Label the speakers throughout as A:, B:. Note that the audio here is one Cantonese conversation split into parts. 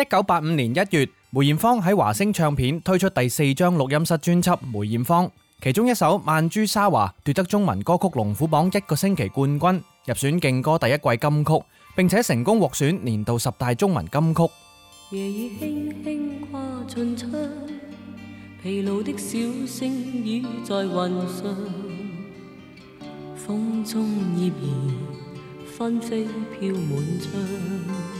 A: 一九八五年一月，梅艷芳喺華星唱片推出第四張錄音室專輯《梅艷芳》，其中一首《蔓珠沙華》奪得中文歌曲龍虎榜一個星期冠軍，入選勁歌第一季金曲，並且成功獲選年度十大中文金曲。
B: 夜已輕輕跨進窗，疲勞的小星倚在雲上，風中葉兒紛飛飄滿窗。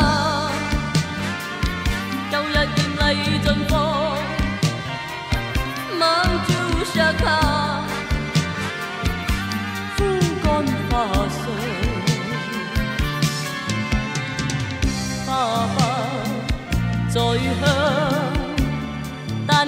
C: 《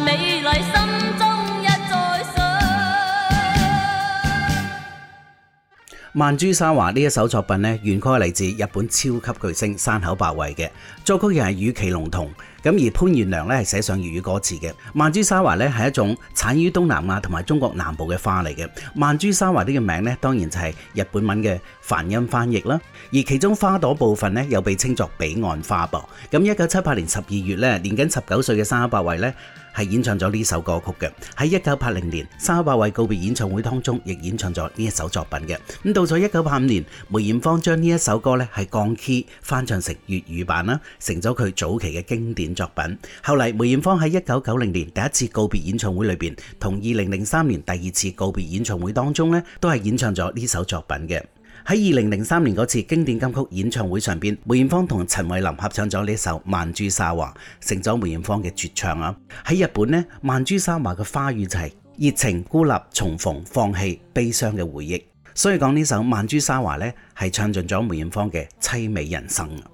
C: 蔓珠沙華》呢一首作品呢，原曲係來自日本超級巨星山口百惠嘅，作曲又係宇崎龍童咁，而潘元良咧係寫上粵語歌詞嘅。蔓珠沙華呢係一種產於東南亞同埋中國南部嘅花嚟嘅。蔓珠沙華呢個名咧，當然就係日本文嘅梵音翻譯啦。而其中花朵部分咧，又被稱作彼岸花噃。咁一九七八年十二月咧，年僅十九歲嘅山口百惠咧。係演唱咗呢首歌曲嘅，喺一九八零年《山口百惠告別演唱會》當中亦演唱咗呢一首作品嘅。咁到咗一九八五年，梅艷芳將呢一首歌呢係降 key 翻唱成粵語版啦，成咗佢早期嘅經典作品。後嚟梅艷芳喺一九九零年第一次告別演唱會裏邊，同二零零三年第二次告別演唱會當中呢，都係演唱咗呢首作品嘅。喺二零零三年嗰次經典金曲演唱會上邊，梅艷芳同陳慧琳合唱咗呢首《蔓珠沙華》，成咗梅艷芳嘅絕唱啊！喺日本呢，《蔓珠沙華》嘅花語就係熱情、孤立、重逢、放棄、悲傷嘅回憶。所以講呢首《蔓珠沙華》呢，係唱盡咗梅艷芳嘅凄美人生啊！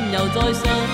B: 心又再傷。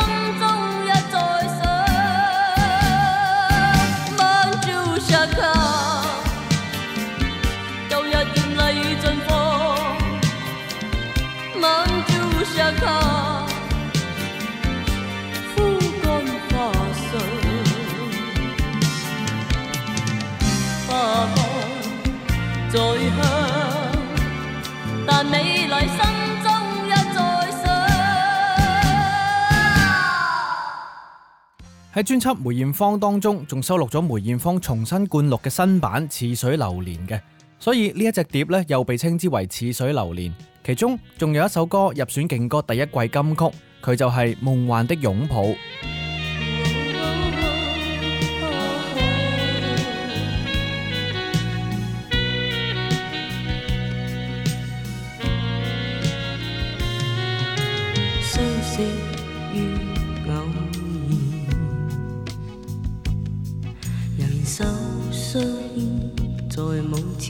A: 喺專輯梅艷芳當中，仲收錄咗梅艷芳重新灌錄嘅新版《似水流年》嘅，所以呢一隻碟咧又被稱之為《似水流年》。其中仲有一首歌入選勁歌第一季金曲，佢就係、是《夢幻的擁抱》。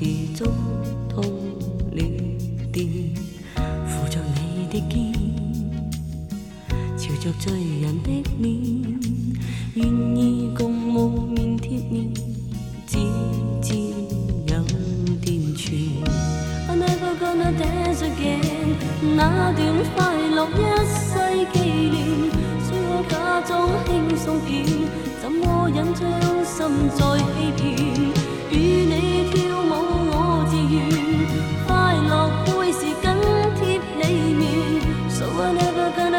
B: 心中通了電，扶着你的肩，朝着醉人的臉，願意共無眠貼面，指尖有電傳。I never gonna dance again，那段快樂一世紀念，雖我假裝輕鬆點，怎麼忍將心再欺騙？與你跳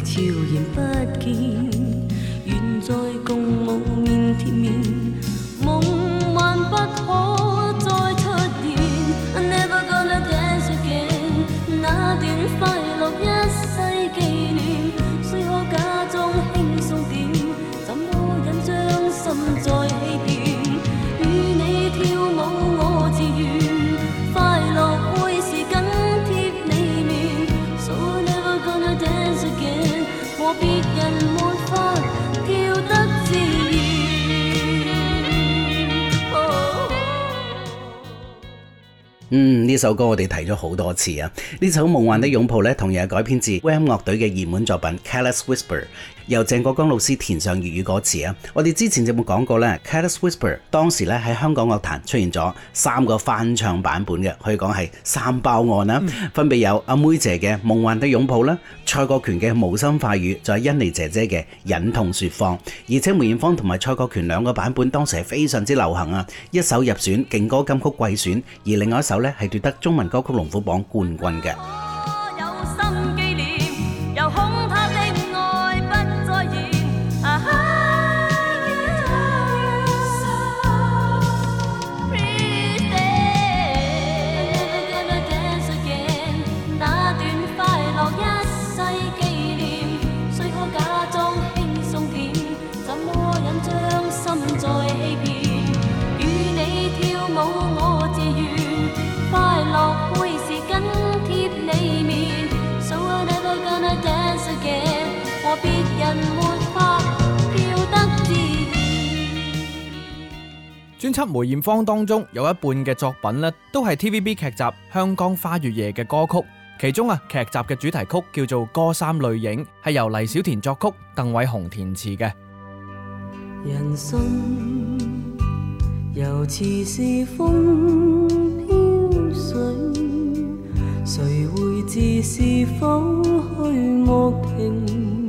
B: 悄然不見，願再共夢眠。
C: 呢首歌我哋提咗好多次啊！呢首《夢幻的擁抱》咧，同樣改編自 Wham 樂隊嘅熱門作品《Careless Whisper》。由鄭國江老師填上粵語歌詞啊！我哋之前就冇講過呢。《Careless Whisper》當時咧，喺香港樂壇出現咗三個翻唱版本嘅，可以講係三包案啦。分別有阿妹姐嘅《夢幻的擁抱》啦，蔡國權嘅《無心快語》，就係欣妮姐姐嘅《忍痛説放》。而且梅艷芳同埋蔡國權兩個版本當時係非常之流行啊！一首入選勁歌金曲季選，而另外一首呢係奪得中文歌曲龍虎榜冠軍嘅。
A: 專輯《梅艷芳》當中有一半嘅作品咧，都係 TVB 劇集《香江花月夜》嘅歌曲，其中啊劇集嘅主題曲叫做《歌衫淚影》，係由黎小田作曲、鄧偉雄填詞嘅。
B: 人生又似是風飄水，誰會知是否去莫停，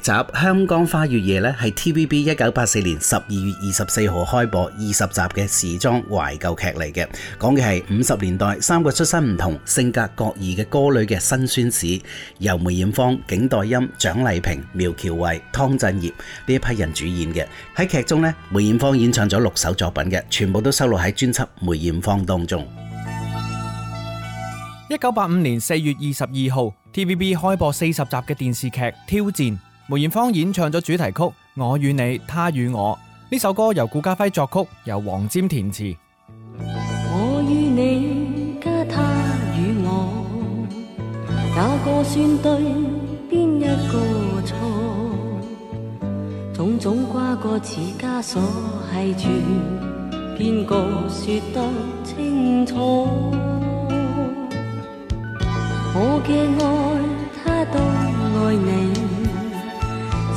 C: 集《香江花月夜》咧，係 T V B 一九八四年十二月二十四號開播二十集嘅時裝懷舊劇嚟嘅，講嘅係五十年代三個出身唔同、性格各異嘅歌女嘅辛酸史，由梅艷芳、景黛音、蔣麗萍、苗僑偉、湯鎮業呢一批人主演嘅。喺劇中咧，梅艷芳演唱咗六首作品嘅，全部都收錄喺專輯《梅艷芳》當中。
A: 一九八五年四月二十二號，T V B 開播四十集嘅電視劇《挑戰》。梅艷芳演唱咗主題曲《我與你，他與我》呢首歌由顧嘉輝作曲，由黃沾填詞。
B: 我與你加他與我，哪個算對，邊一個錯？種種瓜葛似枷鎖係住，邊個說得清楚？我嘅愛，他都愛你？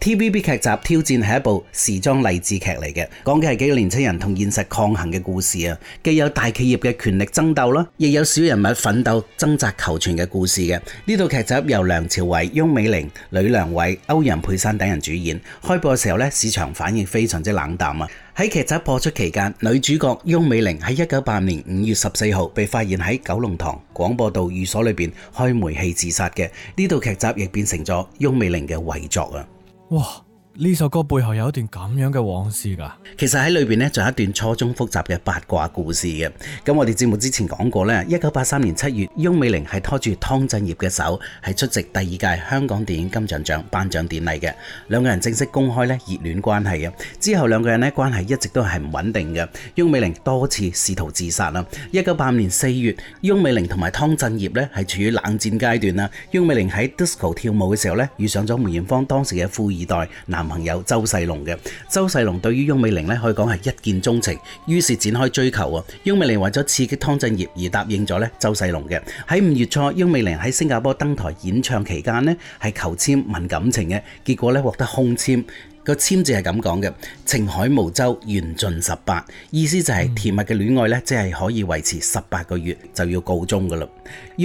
C: T.V.B. 劇集《挑戰》係一部時裝勵志劇嚟嘅，講嘅係幾個年輕人同現實抗衡嘅故事啊。既有大企業嘅權力爭鬥啦，亦有小人物奮鬥掙扎求存嘅故事嘅。呢套劇集由梁朝偉、翁美玲、呂良偉、歐陽佩珊等人主演。開播嘅時候咧，市場反應非常之冷淡啊。喺劇集播出期間，女主角翁美玲喺一九八年五月十四號被發現喺九龍塘廣播道寓所裏邊開煤氣自殺嘅。呢套劇集亦變成咗翁美玲嘅遺作啊。
A: 哇！呢首歌背後有一段咁樣嘅往事噶，
C: 其實喺裏邊呢，仲有一段錯綜複雜嘅八卦故事嘅。咁我哋節目之前講過呢，一九八三年七月，翁美玲係拖住湯鎮業嘅手，係出席第二屆香港電影金像獎頒獎典禮嘅，兩個人正式公開呢熱戀關係嘅。之後兩個人呢關係一直都係唔穩定嘅，翁美玲多次試圖自殺啦。一九八五年四月，翁美玲同埋湯鎮業呢係處於冷戰階段啦。翁美玲喺 disco 跳舞嘅時候呢，遇上咗梅艷芳，當時嘅富二代男。朋友鄒世龍嘅鄒世龍對於翁美玲咧，可以講係一見鍾情，於是展開追求啊。翁美玲為咗刺激湯鎮業而答應咗咧鄒世龍嘅。喺五月初，翁美玲喺新加坡登台演唱期間咧係求籤問感情嘅，結果咧獲得空籤。個籤字係咁講嘅：情海無舟緣盡十八，18，意思就係甜蜜嘅戀愛咧，即係可以維持十八個月就要告終噶啦。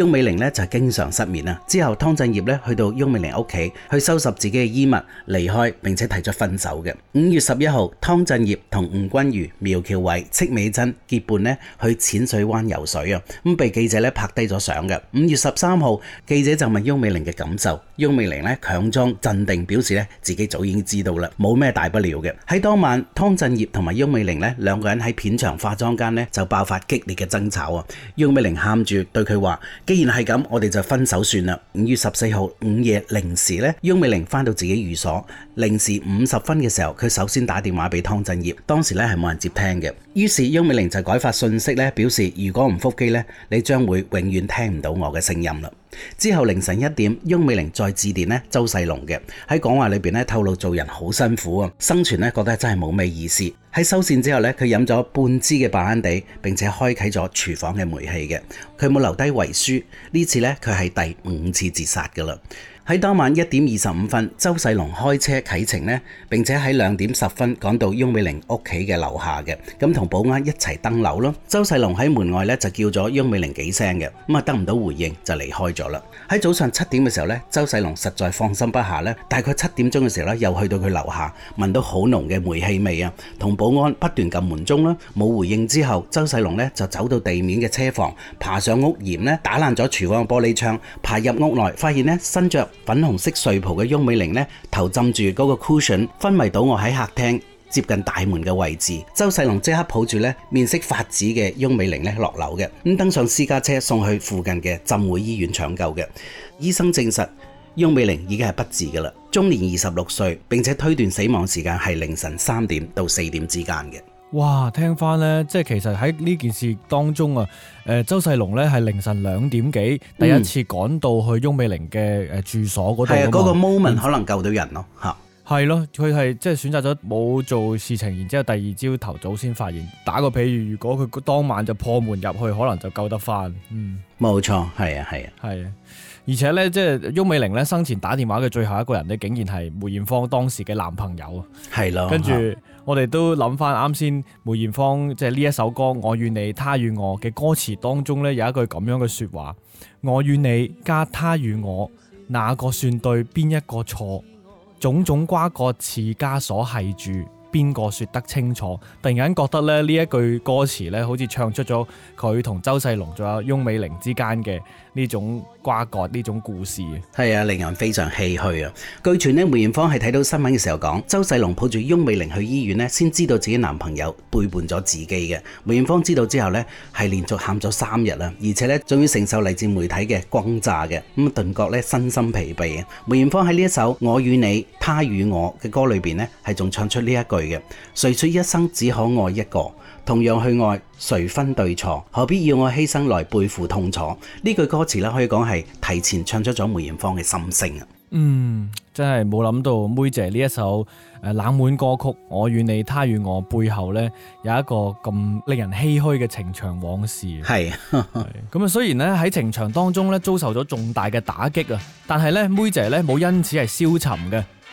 C: 翁美玲呢就經常失眠啦，之後湯鎮業呢去到翁美玲屋企去收拾自己嘅衣物離開，並且提出分手嘅。五月十一號，湯鎮業同吳君如、苗僑偉、戚美珍結伴呢去淺水灣游水啊，咁被記者呢拍低咗相嘅。五月十三號，記者就問翁美玲嘅感受，翁美玲呢強裝鎮定，表示呢，自己早已經知道啦，冇咩大不了嘅。喺當晚，湯鎮業同埋翁美玲呢兩個人喺片場化妝間呢就爆發激烈嘅爭吵啊，翁美玲喊住對佢話。既然係咁，我哋就分手算啦。五月十四號午夜零時呢，翁美玲返到自己寓所。零時五十分嘅時候，佢首先打電話俾湯振業，當時咧係冇人接聽嘅。於是，翁美玲就改發信息咧，表示如果唔復機咧，你將會永遠聽唔到我嘅聲音啦。之後凌晨一點，翁美玲再致電咧鄒世龍嘅，喺講話裏邊咧透露做人好辛苦啊，生存咧覺得真係冇咩意思。喺收線之後咧，佢飲咗半支嘅白蘭地，並且開啟咗廚房嘅煤氣嘅，佢冇留低遺書。呢次咧佢係第五次自殺㗎啦。喺當晚一點二十五分，鄒世龍開車啟程，並且喺兩點十分趕到翁美玲屋企嘅樓下嘅，咁同保安一齊登樓。鄒世龍喺門外就叫咗翁美玲幾聲嘅，咁得唔到回應就離開咗啦。喺早上七點嘅時候，鄒世龍實在放心不下，大概七點鐘嘅時候又去到佢樓下，聞到好濃嘅煤氣味啊，同保安不斷撳門鐘啦，冇回應之後，鄒世龍就走到地面嘅車房，爬上屋檐打爛咗廚房嘅玻璃窗，爬入屋內發現身伸著。粉紅色睡袍嘅翁美玲咧，頭浸住嗰個 cushion，昏迷倒臥喺客廳接近大門嘅位置。鄒世龍即刻抱住咧面色發紫嘅翁美玲落樓嘅，登上私家車送去附近嘅浸會醫院搶救嘅。醫生證實翁美玲已經係不治嘅啦，終年二十六歲，並且推斷死亡時間係凌晨三點到四點之間嘅。
A: 哇，聽翻呢，即係其實喺呢件事當中啊，誒，鄒世龍呢係凌晨兩點幾、嗯、第一次趕到去翁美玲嘅誒住所嗰度。其實嗰個 moment 可能
C: 救到人咯，吓
A: 係咯，佢係即係選擇咗冇做事情，然之後第二朝頭早先發現。打個譬如，如果佢當晚就破門入去，可能就救得翻。嗯，
C: 冇錯，係啊，
A: 係啊，係啊。而且咧，即係翁美玲咧生前打電話嘅最後一個人咧，竟然係梅艷芳當時嘅男朋友。係啦，跟住我哋都諗翻啱先，梅艷芳即係呢一首歌《我與你，他與我》嘅歌詞當中咧，有一句咁樣嘅說話： 我與你加他與我，哪、那個算對，邊一個錯？種種瓜葛似枷鎖係住。邊個説得清楚？突然間覺得咧，呢一句歌詞咧，好似唱出咗佢同鄒世龍仲有翁美玲之間嘅呢種瓜葛，呢種故事
C: 啊，係啊，令人非常唏噓啊！據傳咧，梅艷芳係睇到新聞嘅時候講，鄒世龍抱住翁美玲去醫院咧，先知道自己男朋友背叛咗自己嘅。梅艷芳知道之後呢，係連續喊咗三日啊，而且咧，仲要承受嚟自媒體嘅轟炸嘅，咁頓覺咧，身心疲憊。梅艷芳喺呢一首《我與你，他與我》嘅歌裏邊呢，係仲唱出呢一句。嘅，誰説一生只可愛一個？同樣去愛，誰分對錯？何必要我犧牲來背負痛楚？呢句歌詞咧，可以講係提前唱出咗梅豔芳嘅心聲啊！
A: 嗯，真係冇諗到，妹姐呢一首誒冷門歌曲《我與你，他與我》背後呢，有一個咁令人唏噓嘅情場往事。係，咁啊，雖然呢喺情場當中咧遭受咗重大嘅打擊啊，但係呢，妹姐呢冇因此係消沉嘅。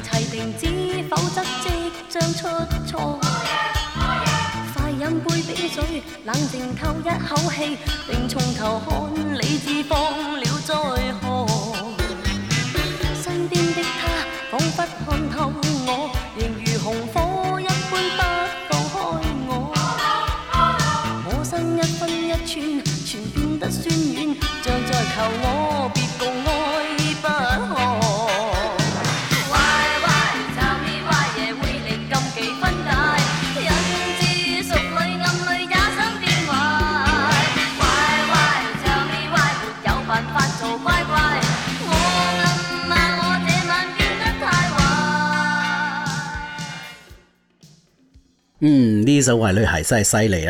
B: 齊定知否則即將出錯。快飲杯冰水，冷靜透一口氣，並從頭看理智放。
C: 呢首壞女孩真係犀利，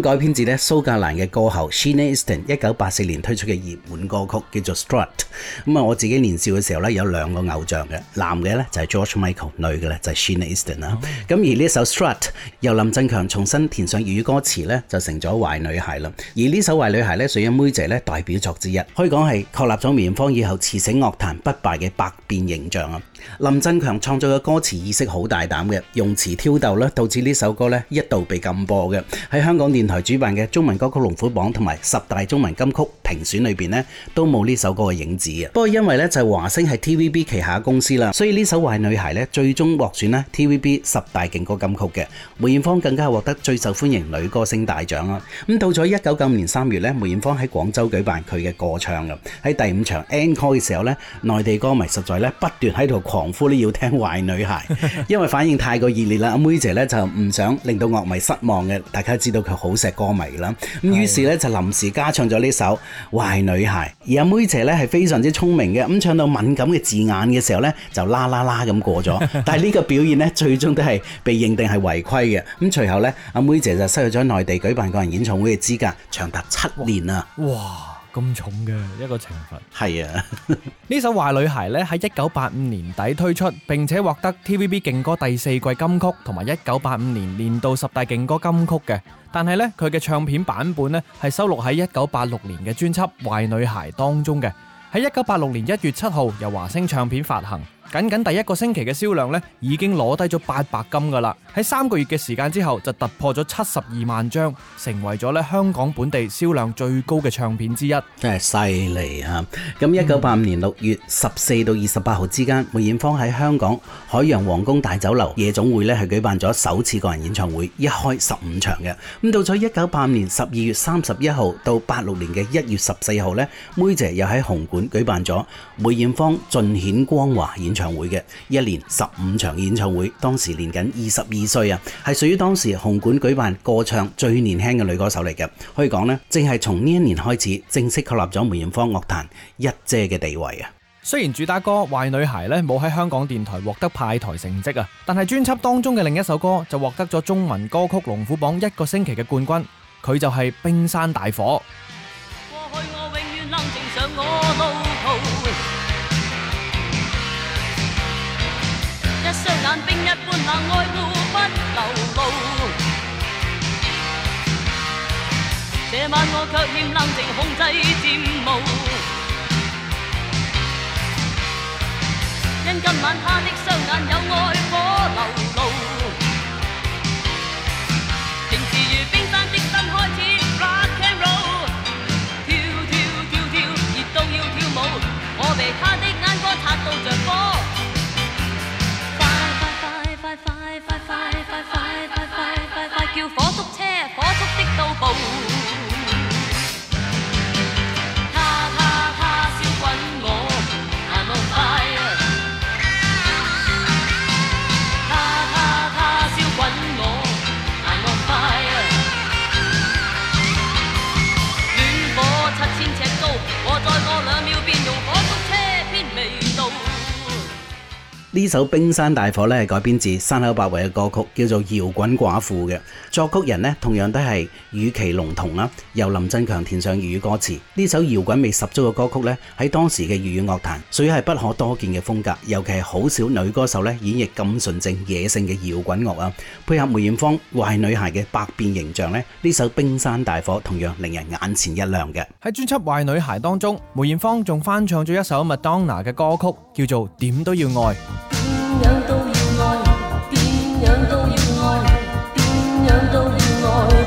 C: 改編自蘇蘇格蘭嘅歌後，Sheena Easton 一九八四年推出嘅熱門歌曲，叫做 Strut。咁啊，我自己年少嘅時候咧，有兩個偶像嘅，男嘅咧就係 George Michael，女嘅咧就係 Sheena Easton 啦。咁而呢首 Strut 由林振強重新填上粵語歌詞咧，就成咗壞女孩啦。而呢首壞女孩咧，屬於梅姐咧代表作之一，可以講係確立咗梅艷芳以後馳騁樂壇不敗嘅百變形象啊。林振強創作嘅歌詞意識好大膽嘅，用詞挑逗啦，導致呢首歌咧一度被禁播嘅。喺香港電台主辦嘅中文歌曲龍虎榜同埋十大中文金曲評選裏邊呢，都冇呢首歌嘅影子。不過因為咧就係華星係 TVB 旗下公司啦，所以呢首《壞女孩》咧最終獲選咧 TVB 十大勁歌金曲嘅，梅艷芳更加獲得最受歡迎女歌星大獎啦。咁到咗一九九五年三月咧，梅艷芳喺廣州舉辦佢嘅歌唱嘅，喺第五場 Encore 嘅時候咧，內地歌迷實在咧不斷喺度狂呼呢要聽《壞女孩》，因為反應太過熱烈啦。阿梅姐咧就唔想令到樂迷失望嘅，大家知道佢好錫歌迷啦。咁於是咧就臨時加唱咗呢首《壞女孩》，而阿梅姐咧係非常之聰明嘅，咁唱到敏感嘅字眼嘅時候呢，就啦啦啦咁過咗。但係呢個表現呢，最終都係被認定係違規嘅。咁隨後呢，阿妹姐就失去咗喺內地舉辦個人演唱會嘅資格，長達七年啊！
A: 哇，咁重嘅一個懲罰係啊！呢 首《壞女孩》呢，喺一九八五年底推出，並且獲得 TVB 勁歌第四季金曲同埋一九八五年年度十大勁歌金曲嘅，但係呢，佢嘅唱片版本呢，係收錄喺一九八六年嘅專輯《壞女孩》當中嘅。喺一九八六年一月七號由華星唱片發行。僅僅第一個星期嘅銷量咧，已經攞低咗八百金噶啦！喺三個月嘅時間之後，就突破咗七十二萬張，
C: 成為咗咧香港本地銷量最高嘅唱片之一。真係犀利啊！咁一九八五年六月十四到二十八號之間，嗯、梅艷芳喺香港海洋皇宮大酒樓夜總會呢係舉辦咗首次個人演唱會，一開十五場嘅。咁到咗一九八五年十二月三十一號到八六年嘅一月十四號呢，梅姐又喺紅館舉辦咗。梅艷芳盡顯光華演唱會嘅一年十五場演唱會，當時年僅二十二歲啊，係屬於當時紅館舉辦歌唱最年輕嘅女歌手嚟嘅。可以講呢，正係從呢一年開始，正式確立咗梅艷芳樂壇一姐嘅地位啊。
A: 雖然主打歌《壞女孩》呢冇喺香港電台獲得派台成績啊，但係專輯當中嘅另一首歌就獲得咗中文歌曲龍虎榜一個星期嘅冠軍，佢就係《冰山大火》。
B: 今晚我卻欠冷靜控制，漸舞。因今晚他的雙眼有愛火流露，情是如冰山的心開始 rock and roll 跳跳跳跳，熱到要跳舞。我被他的眼光吸引著。
C: 呢首《冰山大火》咧，係改編自山口百惠嘅歌曲，叫做《搖滾寡婦》嘅作曲人呢，同樣都係宇崎龍童啦，由林振強填上粵語歌詞。呢首搖滾味十足嘅歌曲呢，喺當時嘅粵語樂壇屬於係不可多見嘅風格，尤其係好少女歌手呢，演繹咁純正野性嘅搖滾樂啊！配合梅艷芳《壞女孩》嘅百變形象呢，呢首《冰山大火》同樣令人眼前一亮嘅。喺專輯《壞女孩》當中，梅艷芳
A: 仲翻唱咗一首麥當娜嘅歌曲，叫做《點都要愛》。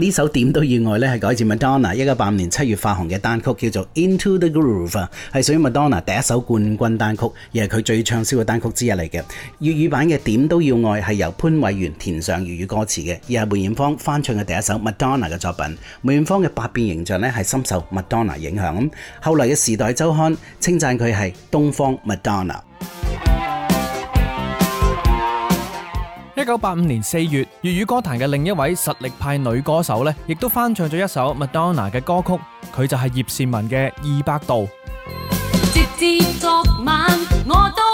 C: 呢首點都要愛，咧係改自 Madonna 一九八五年七月發行嘅單曲叫做 Into the Groove，係屬於 Madonna 第一首冠軍單曲，而係佢最暢銷嘅單曲之一。嚟嘅粵語版嘅《點都要愛》係由潘偉源填上粵語歌詞嘅，而係梅艷芳翻唱嘅第一首 Madonna 嘅作品。梅艷芳嘅百變形象咧係深受 Madonna 影響，後來嘅時代週刊稱讚佢係東方 Madonna。一九八五年四月，
A: 粵語歌壇嘅另一位實力派女歌手呢，亦都翻唱咗一首麥當娜嘅歌曲，佢就係葉倩文嘅《二百度》。
B: 直至昨晚，我都。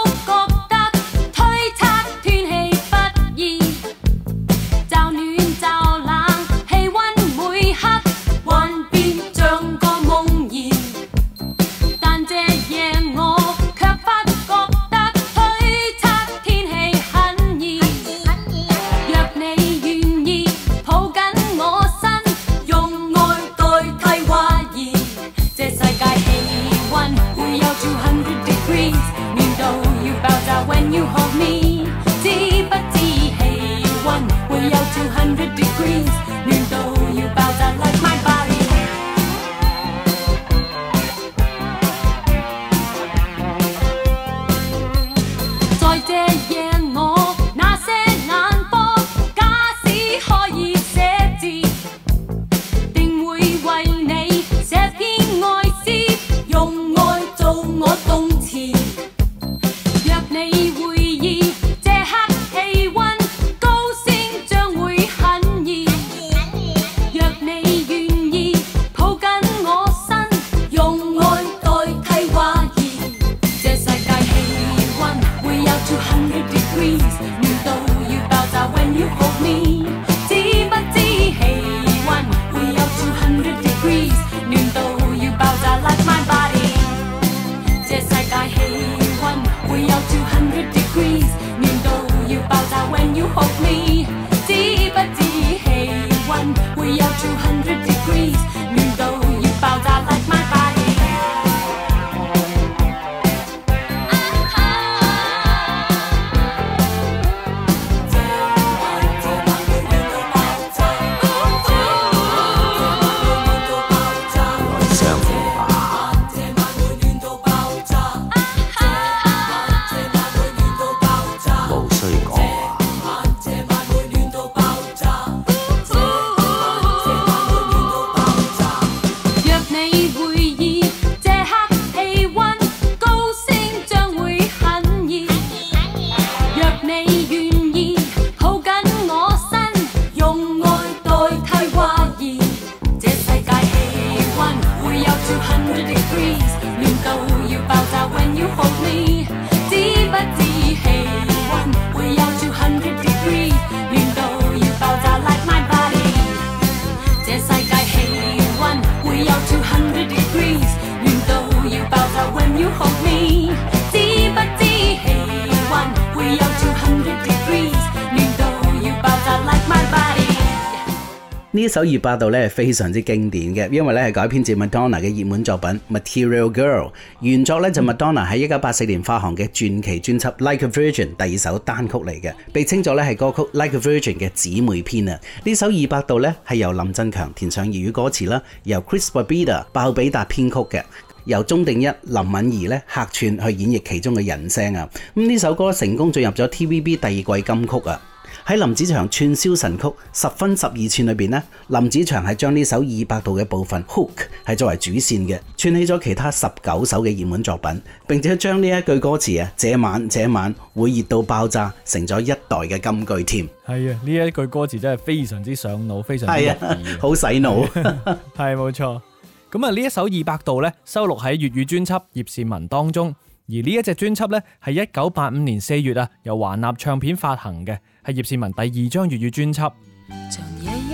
C: 首《二百度》咧係非常之經典嘅，因為咧係改編自 Madonna 嘅熱門作品《Material Girl》，原作咧就 Madonna 喺一九八四年發行嘅傳奇專輯《Like a Virgin》第二首單曲嚟嘅，被稱作咧係歌曲《Like a Virgin》嘅姊妹篇啊。呢首《二百度》咧係由林振強填上粵語歌詞啦，由 Chris b r b i d a 爆比達）編曲嘅，由鐘定一、林敏儀咧客串去演繹其中嘅人聲啊。咁呢首歌成功進入咗 TVB 第二季金曲啊！喺林子祥串燒神曲《十分十二寸》裏邊咧，林子祥係將呢首二百度嘅部分 hook 係作為主線嘅，串起咗其他十九首嘅熱門作品，並且將呢一句歌詞啊，這晚這晚會熱到爆炸，成咗一代嘅金句添。
A: 係啊，呢一句歌詞真係非常之上腦，非常得意，好洗腦。係 冇 錯。咁啊，呢一首二百度呢，收錄喺粵語專輯《葉倩文》當中。而呢一隻專輯呢，係一九八五年四月啊，由華納唱片發行嘅，係葉倩文第二張粵語專
B: 輯。長夜一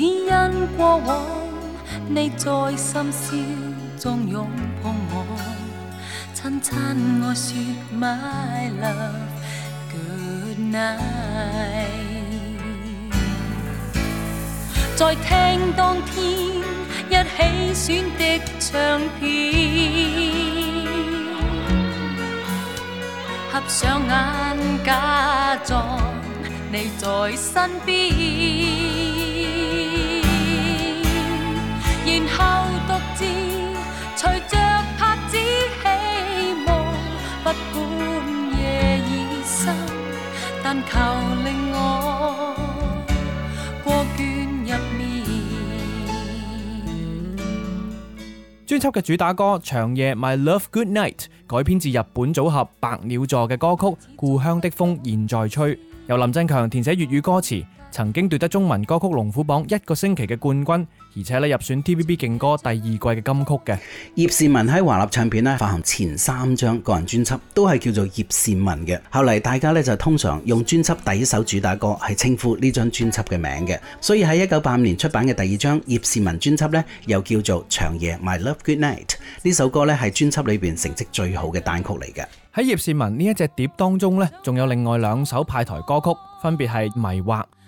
B: 只因過往你在深宵中擁抱我，親親我說 My love, good
D: night。
B: 再 聽當天一起選的唱片，合上眼假裝你在身邊。後獨自隨着拍子，希望不管夜已深，但求令我過倦入眠。
A: 專輯嘅主打歌長夜 My Love Good Night 改編自日本組合白鳥座嘅歌曲故鄉的風現在吹，由林振強填寫粵語歌詞。曾經奪得中文歌曲龍虎榜一個星期嘅冠軍，
C: 而且咧入選 TVB 勁歌第二季嘅金曲嘅葉倩文喺華納唱片咧發行前三張個人專輯都係叫做葉倩文嘅，後嚟大家咧就通常用專輯第一首主打歌係稱呼呢張專輯嘅名嘅，所以喺一九八五年出版嘅第二張葉倩文專輯呢，又叫做《長夜 My Love Good Night》呢首歌呢，係專輯裏邊成績最好嘅單曲嚟嘅。喺葉倩文呢一隻碟當中呢，仲
A: 有另外兩首派台歌曲，分別係《迷惑》。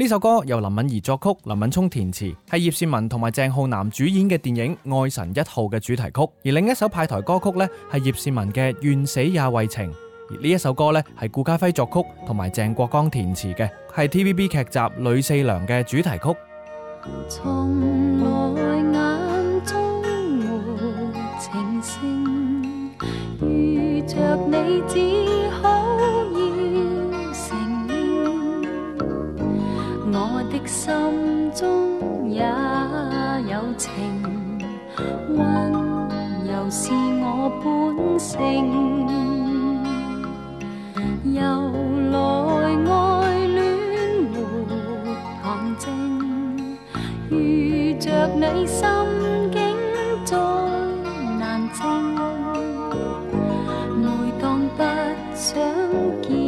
A: 呢首歌由林敏怡作曲，林敏驄填詞，係葉倩文同埋鄭浩南主演嘅電影《愛神一號》嘅主題曲。而另一首派台歌曲呢，係葉倩文嘅《願死也為情》，而呢一首歌呢，係顧嘉輝作曲同埋鄭國江填詞嘅，係 TVB 劇集《呂四娘》嘅主題曲。
E: 從來
B: 眼中情聲如着你只我的心中也有
E: 情，溫柔是我本性。 由來愛
D: 戀
B: 沒憑證，遇着你心境再難靜，每當不想見。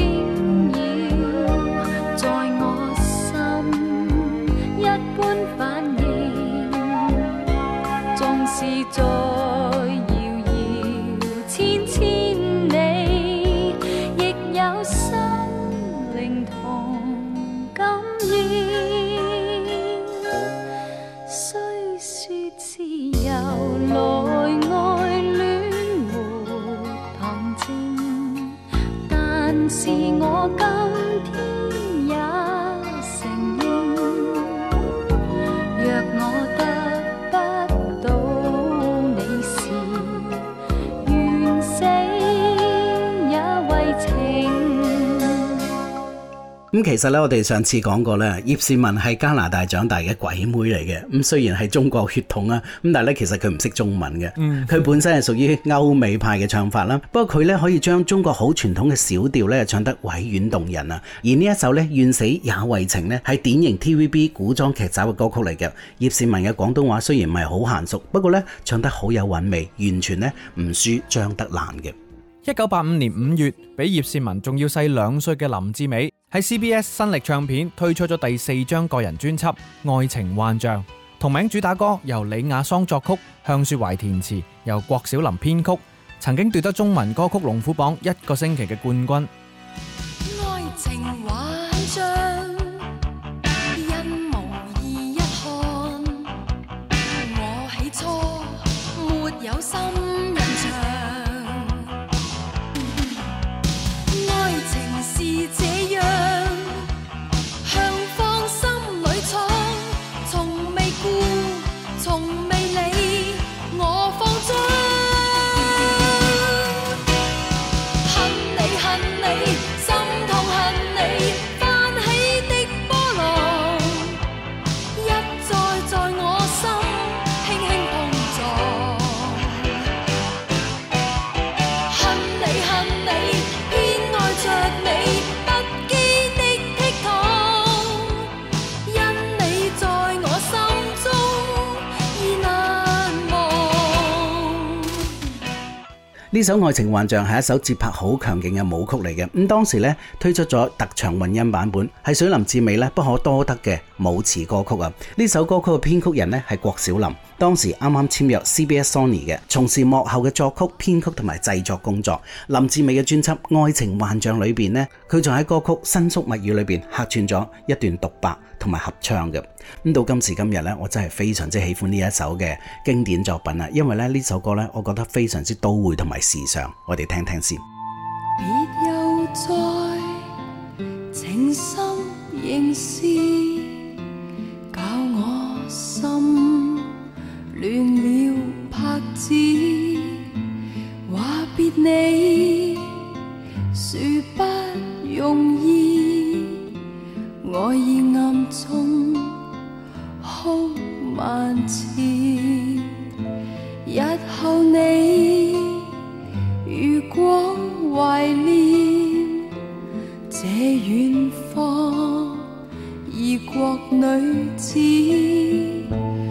C: 其實咧，我哋上次講過咧，葉倩文係加拿大長大嘅鬼妹嚟嘅。咁雖然係中國血統啊，咁但係咧，其實佢唔識中文嘅。佢 本身係屬於歐美派嘅唱法啦。不過佢咧可以將中國好傳統嘅小調咧唱得委婉動人啊。而呢一首咧《願死也為情》呢係典型 TVB 古裝劇集嘅歌曲嚟嘅。葉倩文嘅廣東話雖然唔係好嫻熟，不過咧唱得好有韻味，完全咧唔輸張德蘭嘅。一九八五
A: 年五月，比葉倩文仲要細兩歲嘅林志美。喺 CBS 新力唱片推出咗第四張個人專輯《愛情幻象》，同名主打歌由李雅桑作曲、向雪懷填詞，由郭小霖編曲，曾經奪得中文歌曲龍虎榜一個星期嘅冠軍。
E: 愛情
C: 呢首愛情幻像係一首節拍好強勁嘅舞曲嚟嘅，當時推出咗特長混音版本，係水林志美不可多得嘅舞池歌曲啊！呢首歌曲嘅編曲人是係郭小霖。當時啱啱簽約 CBS Sony 嘅，從事幕後嘅作曲、編曲同埋製作工作。林志美嘅專輯《愛情幻像》裏邊咧，佢仲喺歌曲《新宿物語》裏邊客串咗一段獨白同埋合唱嘅。咁到今時今日咧，我真係非常之喜歡呢一首嘅經典作品啊！因為咧呢首歌咧，我覺得非常之都會同埋時尚。我哋聽聽先。
E: 又再情深認教我心。」亂了拍子，話別你，說不容易，我已暗中哭萬次。日後你如果懷念這遠方異國女子。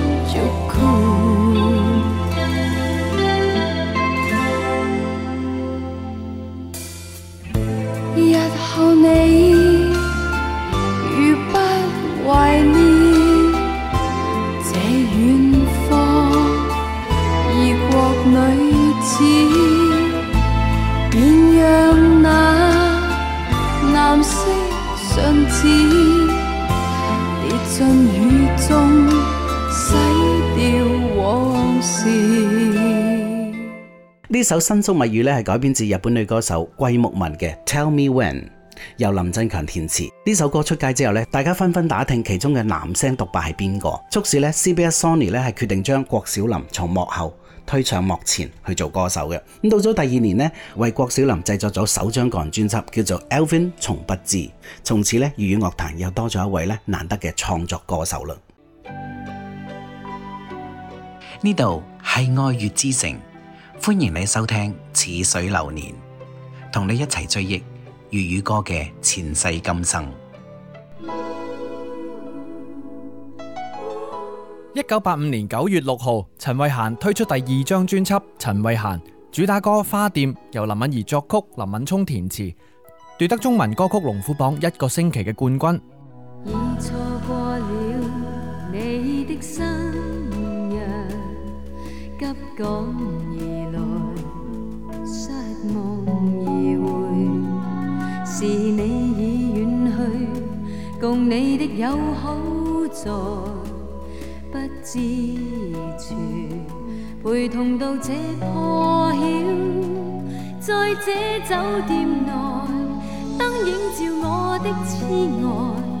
C: 呢首《新宿物語》咧係改編自日本女歌手桂木文嘅《Tell Me When》，由林振強填詞。呢首歌出街之後咧，大家紛紛打聽其中嘅男聲獨白係邊個。促使咧 CBS Sony 咧係決定將郭小霖從幕後推上幕前去做歌手嘅。咁到咗第二年呢，為郭小霖製作咗首張個人專輯，叫做《Alvin 從不知》從。從此呢，粵語樂壇又多咗一位咧難得嘅創作歌手啦。呢度。係愛粵之城，歡迎你收聽《似水流年》，同你一齊追憶粵語歌嘅前世今生。
A: 一九八五年九月六號，陳慧嫻推出第二張專輯《陳慧嫻》，主打歌《花店》由林敏怡作曲、林敏驄填詞，奪得中文歌曲龍虎榜一個星期嘅冠軍。
B: 趕而來，失望而回，是你已遠去，共你的友好在不知處，陪同到這破曉，在這酒店內，燈映照我的痴愛。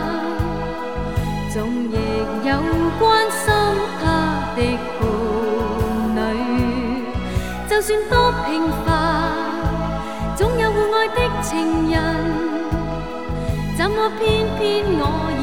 B: 總亦有關心他的伴侶，就算多平凡，總有互愛的情人，怎麼偏偏我？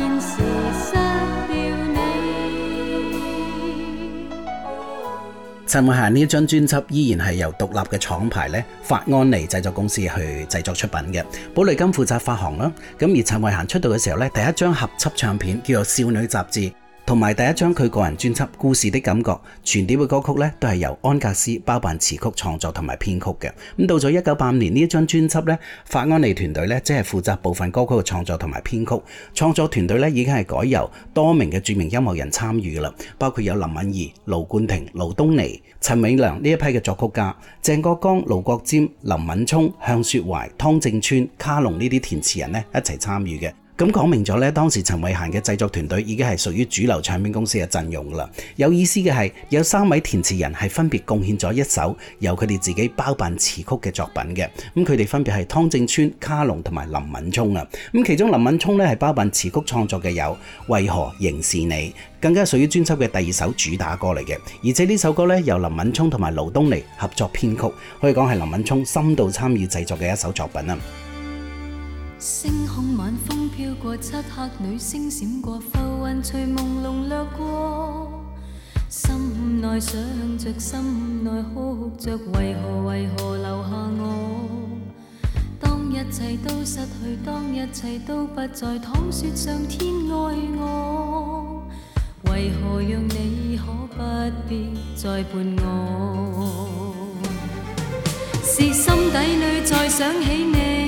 C: 陳慧嫻呢張專輯依然係由獨立嘅廠牌咧，法安尼製作公司去製作出品嘅，寶麗金負責發行啦。咁而陳慧嫻出道嘅時候咧，第一張合輯唱片叫做《少女雜誌》。同埋第一張佢個人專輯《故事嘅感覺》，全碟嘅歌曲呢都係由安格斯包辦詞曲創作同埋編曲嘅。到咗一九八五年呢張專輯呢，法安利團隊呢，即係負責部分歌曲嘅創作同埋編曲。創作團隊呢已經係改由多名嘅著名音樂人參與噶啦，包括有林敏儀、盧冠廷、盧東尼、陳永良呢一批嘅作曲家，鄭國江、盧國沾、林敏驄、向雪懷、湯正川、卡龍呢啲填詞人呢，一齊參與嘅。咁講明咗咧，當時陳慧嫻嘅製作團隊已經係屬於主流唱片公司嘅陣容啦。有意思嘅係，有三位填詞人係分別貢獻咗一首由佢哋自己包辦詞曲嘅作品嘅。咁佢哋分別係湯正川、卡龍同埋林敏驄啊。咁其中林敏驄咧係包辦詞曲創作嘅有《為何仍是你》，更加屬於專輯嘅第二首主打歌嚟嘅。而且呢首歌咧由林敏驄同埋盧東尼合作編曲，可以講係林敏驄深度參與製作嘅一首作品。
B: 星空晚風飄過，漆黑裏，星閃過，浮雲隨朦朧掠過，心內想着，心內哭着，為何為何留下我？當一切都失去，當一切都不再，倘說上天愛我，為何讓你可不必再伴我？是心底裏在想起你。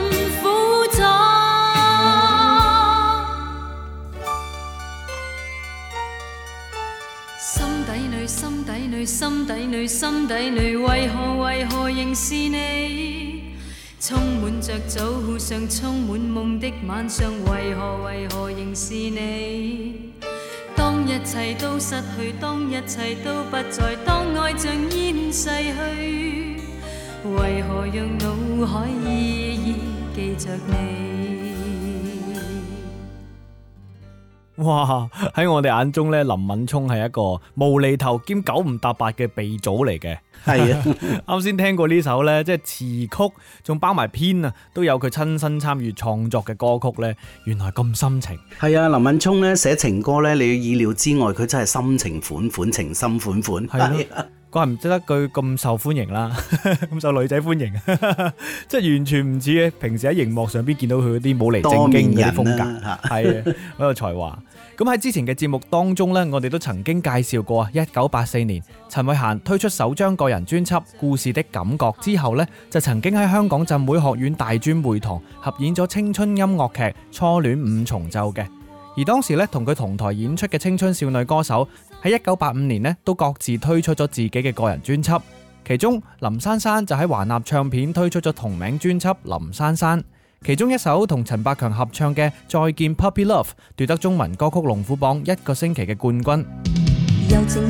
B: 心底裏，心底裏，心底裏，為何，為何仍是你？充滿着早上，充滿夢的晚上，為何，為何仍是你？當一切都失去，當一切都不再，當愛像煙逝去，為何讓腦海依依記着你？
A: 哇！喺我哋眼中咧，林敏驄係一個無厘頭兼九唔搭八嘅鼻祖嚟嘅。係啊，啱先聽過呢首呢，即係詞曲仲包埋編啊，都有佢親身參與創作嘅歌曲呢，原來咁深情。
C: 係啊，林敏驄呢寫情歌呢，你要意料之外，佢真係心情款款，情深款款。係
A: 怪唔知得佢咁受歡迎啦，咁受女仔歡迎，即係完全唔似平時喺熒幕上邊見到佢嗰啲冇嚟正經嘅風格，係啊，嗰個才華。咁喺之前嘅節目當中咧，我哋都曾經介紹過啊。一九八四年，陳慧嫻推出首張個人專輯《故事的感覺》之後咧，就曾經喺香港浸會學院大專會堂合演咗青春音樂劇《初戀五重奏》嘅。而當時咧，同佢同台演出嘅青春少女歌手。喺一九八五年呢都各自推出咗自己嘅個人專輯，其中林珊珊就喺華納唱片推出咗同名專輯《林珊珊》，其中一首同陳百強合唱嘅《再見 Puppy Love》奪得中文歌曲龍虎榜一個星期嘅冠軍。
E: 柔
F: 情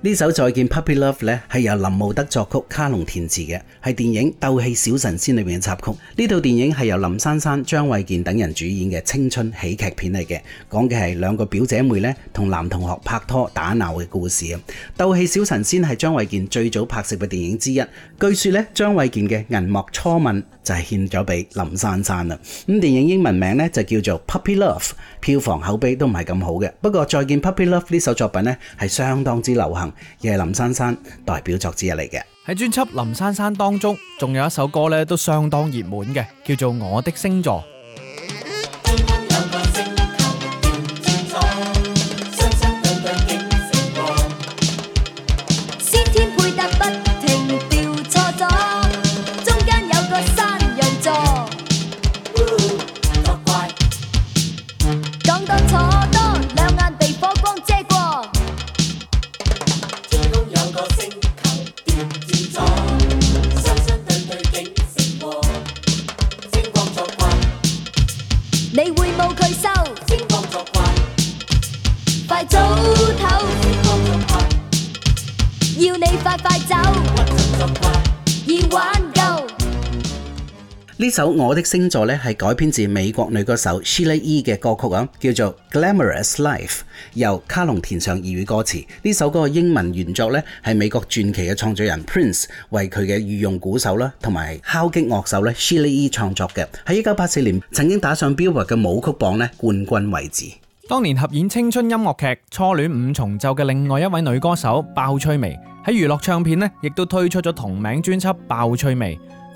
C: 呢首《再見 Puppy Love》呢係由林慕德作曲，卡龍、卡隆填詞嘅，係電影《鬥氣小神仙》裏面嘅插曲。呢套電影係由林珊珊、張衛健等人主演嘅青春喜劇片嚟嘅，講嘅係兩個表姐妹呢同男同學拍拖打鬧嘅故事啊。《鬥氣小神仙》係張衛健最早拍攝嘅電影之一，據說呢，張衛健嘅銀幕初吻。就係獻咗俾林珊珊啦。咁電影英文名咧就叫做《Puppy Love》，票房口碑都唔係咁好嘅。不過《再見 Puppy Love》呢首作品咧係相當之流行，亦係林珊珊代表作之一嚟嘅。
G: 喺
A: 專輯《林珊珊》當中，仲有一首歌咧都相當熱門嘅，叫做《我的星座》。
C: 呢首我的星座咧，係改編自美國女歌手 Sheila E 嘅歌曲啊，叫做《Glamorous Life》，由卡龍填上粵語歌詞。呢首歌嘅英文原作咧，係美國傳奇嘅創作人 Prince 為佢嘅御用鼓手啦同埋敲擊樂手咧 Sheila E 創作嘅，喺一九八四年曾經打上 Billboard 嘅舞曲榜咧冠軍位置。
A: 當年合演青春音樂劇《初戀五重奏》嘅另外一位女歌手鮑翠薇喺娛樂唱片呢，亦都推出咗同名專輯《鮑翠薇》。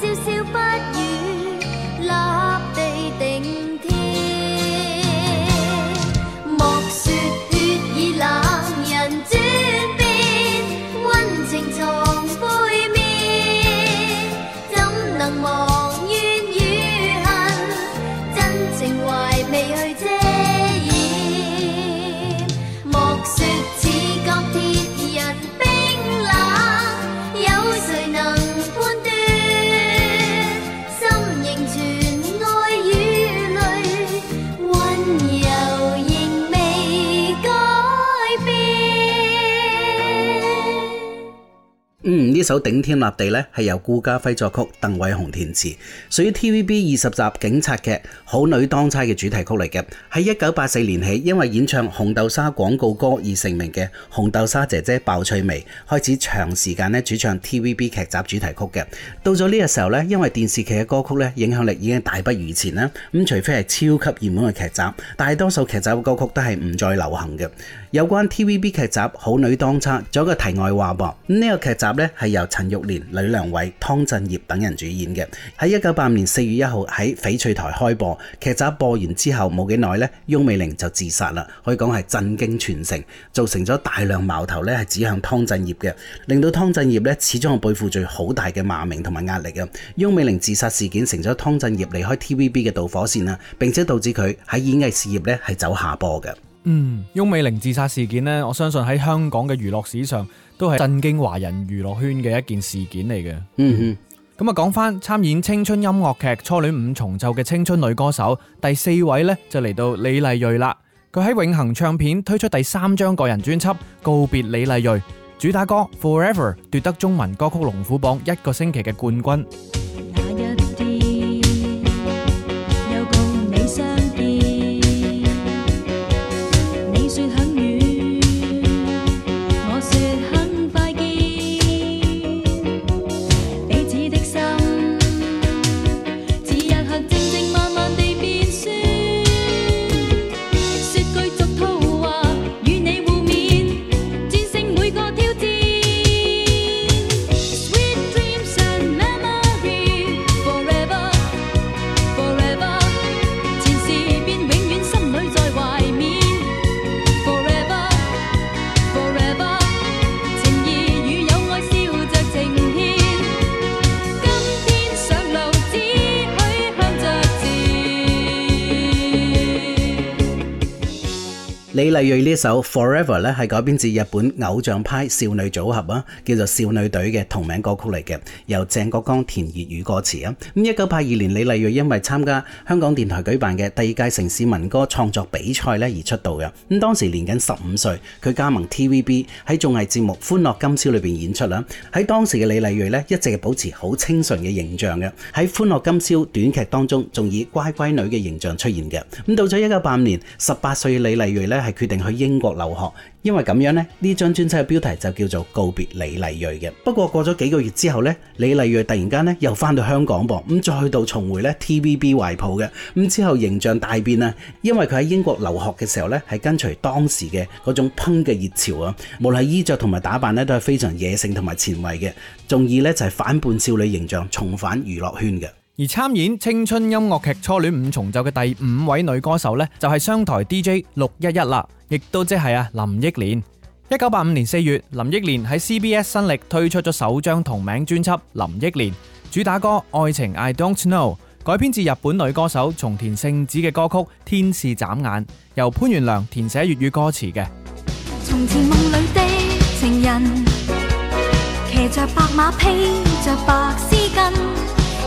G: 笑笑，不語。
C: 呢首《頂天立地》咧係由顧嘉輝作曲、鄧偉雄填詞，屬於 TVB 二十集警察劇《好女當差》嘅主題曲嚟嘅。喺一九八四年起，因為演唱紅豆沙廣告歌而成名嘅紅豆沙姐姐鮑翠薇，開始長時間咧主唱 TVB 劇集主題曲嘅。到咗呢個時候咧，因為電視劇嘅歌曲咧影響力已經大不如前啦，咁除非係超級熱門嘅劇集，大多數劇集嘅歌曲都係唔再流行嘅。有關 TVB 劇集《好女當差》仲有個題外話噃，呢個劇集呢係由陳玉蓮、呂良偉、湯鎮業等人主演嘅，喺一九八五年四月一號喺翡翠台開播。劇集播完之後冇幾耐呢，翁美玲就自殺啦，可以講係震驚全城，造成咗大量矛頭呢係指向湯鎮業嘅，令到湯鎮業呢始終係背負住好大嘅罵名同埋壓力嘅。翁美玲自殺事件成咗湯鎮業離開 TVB 嘅導火綫啦，並且導致佢喺演藝事業呢係走下坡嘅。
A: 嗯，翁美玲自殺事件呢，我相信喺香港嘅娛樂史上都係震驚華人娛樂圈嘅一件事件嚟嘅。嗯哼，咁、嗯、啊，講返參演青春音樂劇《初戀五重奏》嘅青春女歌手第四位呢，就嚟到李麗蕊啦。佢喺永恆唱片推出第三張個人專輯《告別李麗蕊》，主打歌《Forever》奪得中文歌曲龍虎榜一個星期嘅冠軍。
C: 李麗蕊呢首《Forever》咧，係改編自日本偶像派少女組合啊，叫做少女隊嘅同名歌曲嚟嘅，由鄭國江填粵語歌詞啊。咁一九八二年，李麗蕊因為參加香港電台舉辦嘅第二屆城市民歌創作比賽咧而出道嘅，咁當時年僅十五歲，佢加盟 TVB 喺綜藝節目《歡樂今宵》裏邊演出啦。喺當時嘅李麗蕊呢，一直係保持好清純嘅形象嘅。喺《歡樂今宵》短劇當中，仲以乖乖女嘅形象出現嘅。咁到咗一九八五年，十八歲嘅李麗蕊呢，係定去英國留學，因為咁樣咧，呢張專輯嘅標題就叫做告別李麗蕊嘅。不過過咗幾個月之後咧，李麗蕊突然間咧又返到香港噃，咁再度重回咧 TVB 懷抱嘅，咁之後形象大變啊！因為佢喺英國留學嘅時候咧，係跟隨當時嘅嗰種 Punk 嘅熱潮啊，無論係衣着同埋打扮咧都係非常野性同埋前衛嘅。仲以咧就係反叛少女形象，重返娛樂圈嘅。
A: 而參演青春音樂劇《初戀五重奏》嘅第五位女歌手呢，就係商台 DJ 六一一啦，亦都即係啊林憶蓮。一九八五年四月，林憶蓮喺 CBS 新力推出咗首張同名專輯《林憶蓮》，主打歌《愛情 I Don't Know》改編自日本女歌手松田聖子嘅歌曲《天使眨眼》，由潘元良填寫粵語歌詞嘅。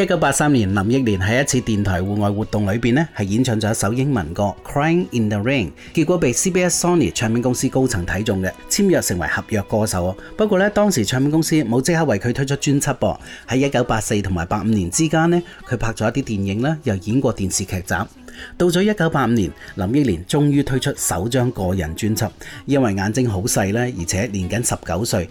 C: 一九八三年，林憶蓮喺一次電台戶外活動裏邊咧，係演唱咗一首英文歌《Crying in the Rain》，結果被 CBS Sony 唱片公司高層睇中嘅，簽約成為合約歌手。不過呢，當時唱片公司冇即刻為佢推出專輯噃。喺一九八四同埋八五年之間呢，佢拍咗一啲電影啦，又演過電視劇集。到咗一九八五年，林憶蓮終於推出首張個人專輯。因為眼睛好細咧，而且年僅十九歲。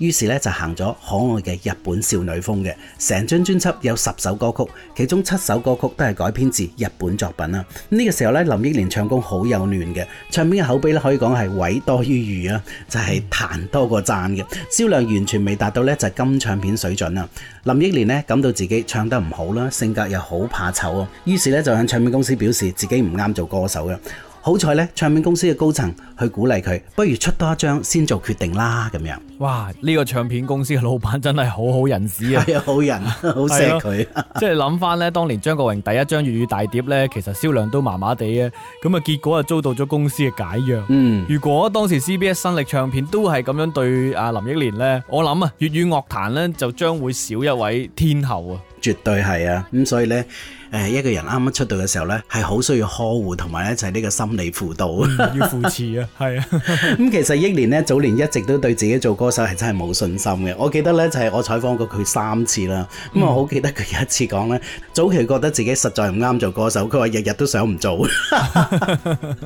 C: 於是咧就行咗可愛嘅日本少女風嘅，成張專輯有十首歌曲，其中七首歌曲都係改編自日本作品啊。呢個時候咧，林憶蓮唱功好幼嫩嘅，唱片嘅口碑咧可以講係毀多於譽啊，就係彈多過讚嘅，銷量完全未達到咧就金唱片水準啊。林憶蓮呢，感到自己唱得唔好啦，性格又好怕醜啊。於是咧就向唱片公司表示自己唔啱做歌手嘅。好彩咧，唱片公司嘅高層去鼓勵佢，不如出多一張先做決定啦，咁樣。
A: 哇！呢、這個唱片公司嘅老闆真係好好人士啊，係啊，
C: 好人，好錫佢。
A: 是啊、 即係諗翻呢，當年張國榮第一張粵語大碟呢，其實銷量都麻麻地啊。咁啊，結果啊遭到咗公司嘅解約。嗯，如果當時 C B S 新力唱片都係咁樣對阿林憶蓮呢，我諗啊，粵語樂壇呢，就將會少一位天后
C: 啊，絕對係啊，咁、嗯、所以呢。誒一個人啱啱出道嘅時候呢，係好需要呵護同埋呢就係、是、呢個心理輔導，嗯、 要
D: 扶
A: 持啊，係 啊、嗯。
C: 咁其實憶蓮呢，早年一直都對自己做歌手係真係冇信心嘅。我記得呢，就係、是、我採訪過佢三次啦。咁、嗯嗯、我好記得佢有一次講呢，早期覺得自己實在唔啱做歌手，佢話日日都想唔做。咁、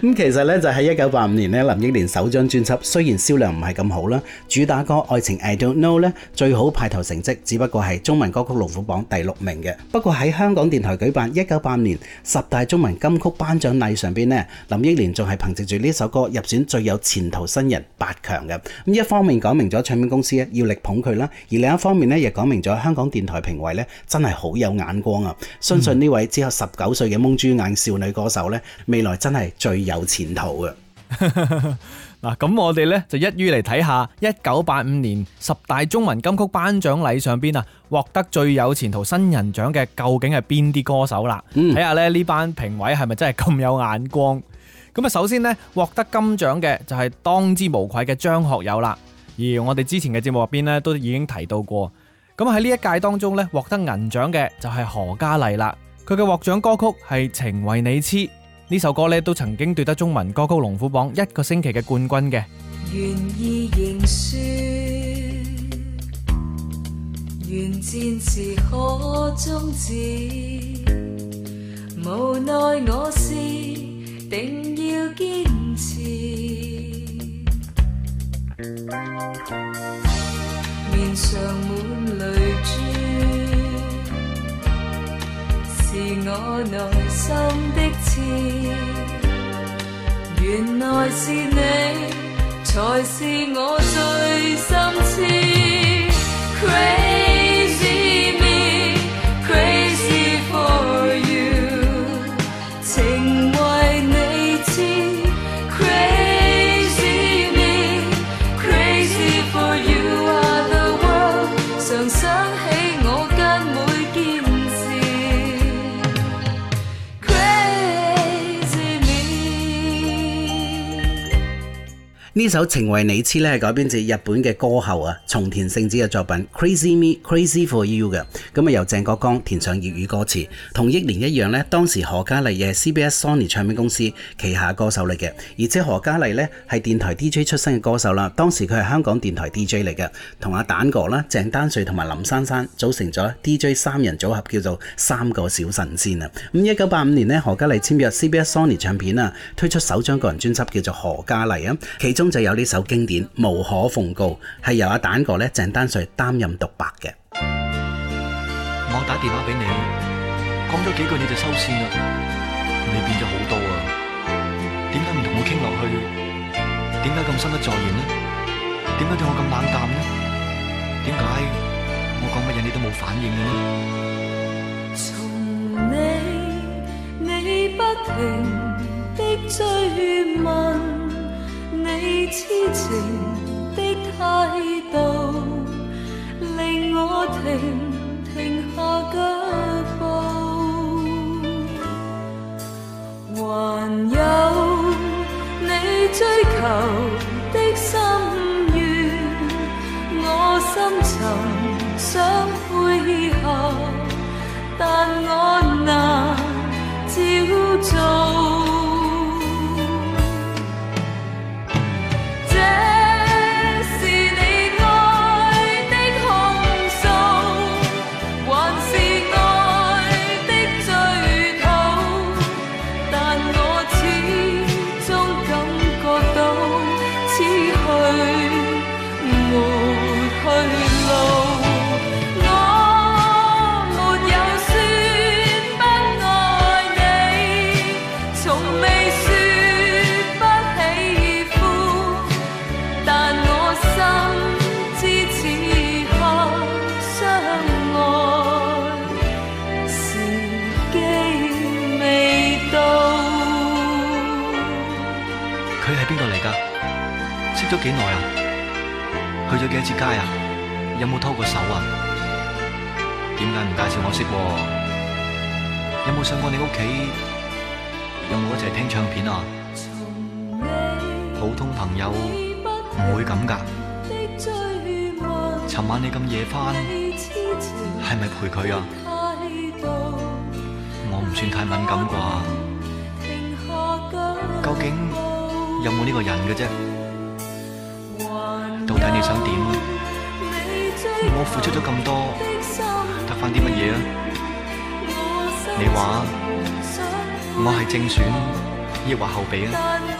C: 嗯、其實呢，就喺一九八五年呢，林憶蓮首張專輯雖然銷量唔係咁好啦，主打歌《愛情 I Don't Know》呢，最好派台成績，只不過係中文歌曲龍虎榜第六名嘅。不過喺香港香港電台舉辦一九八五年十大中文金曲頒獎禮上邊咧，林憶蓮仲係憑借住呢首歌入選最有前途新人八強嘅。咁一方面講明咗唱片公司要力捧佢啦，而另一方面呢亦講明咗香港電台評委真係好有眼光啊！相信呢位只有十九歲嘅矇豬眼少女歌手呢，未來真係最有前途嘅。
A: 嗱，咁我哋呢就一於嚟睇下一九八五年十大中文金曲頒獎禮上邊啊，獲得最有前途新人獎嘅究竟係邊啲歌手啦？睇下呢班評委係咪真係咁有眼光？咁啊，首先呢，獲得金獎嘅就係當之無愧嘅張學友啦，而我哋之前嘅節目入邊呢，都已經提到過，咁喺呢一屆當中呢，獲得銀獎嘅就係何嘉麗啦，佢嘅獲獎歌曲係情為你癡。呢首歌呢都曾經奪得中文歌曲龍虎榜一個星期嘅冠軍
B: 嘅。是我內心的刺，原來是你才是我最深切。
C: 呢首《情為你痴》咧係改編自日本嘅歌后啊松田聖子嘅作品《Crazy Me Crazy for You》嘅，咁啊由鄭國江填上粵語歌詞，同憶蓮一樣咧。當時何嘉麗也 C B S Sony 唱片公司旗下的歌手嚟嘅，而且何嘉麗咧係電台 D J 出身嘅歌手啦。當時佢係香港電台 D J 嚟嘅，同阿蛋哥啦、鄭丹瑞同埋林珊珊組成咗 D J 三人組合，叫做三個小神仙啊。咁一九八五年咧，何嘉麗簽約 C B S Sony 唱片啊，推出首張個人專輯叫做《何嘉麗》啊，其中，中就有呢首經典《無可奉告》，係由阿蛋哥咧鄭丹瑞擔任獨白嘅。
F: 我打電話俾你，講咗幾句你就收線啦，你變咗好多啊？點解唔同我傾落去？點解咁深得再然呢？點解對我咁冷淡呢？點解我講乜嘢你都冇反應呢？從
B: 你，你不停的追問。你痴情的態度，令我停停下腳步。還有你追求的心願，我深沉想配合，但我難照做。
F: 知街啊，有冇拖過手啊？點解唔介紹我識啊？有冇上過你屋企，有冇一齊聽唱片啊？普通朋友唔會咁噶。
B: 尋晚
F: 你咁夜返，
B: 係咪陪佢啊？
F: 我唔算太敏感啩。
B: 究竟
F: 有冇呢個人嘅啫？到底你想點？我付出咗咁多，得翻啲乜嘢啊？你話我係正選，抑或後備啊？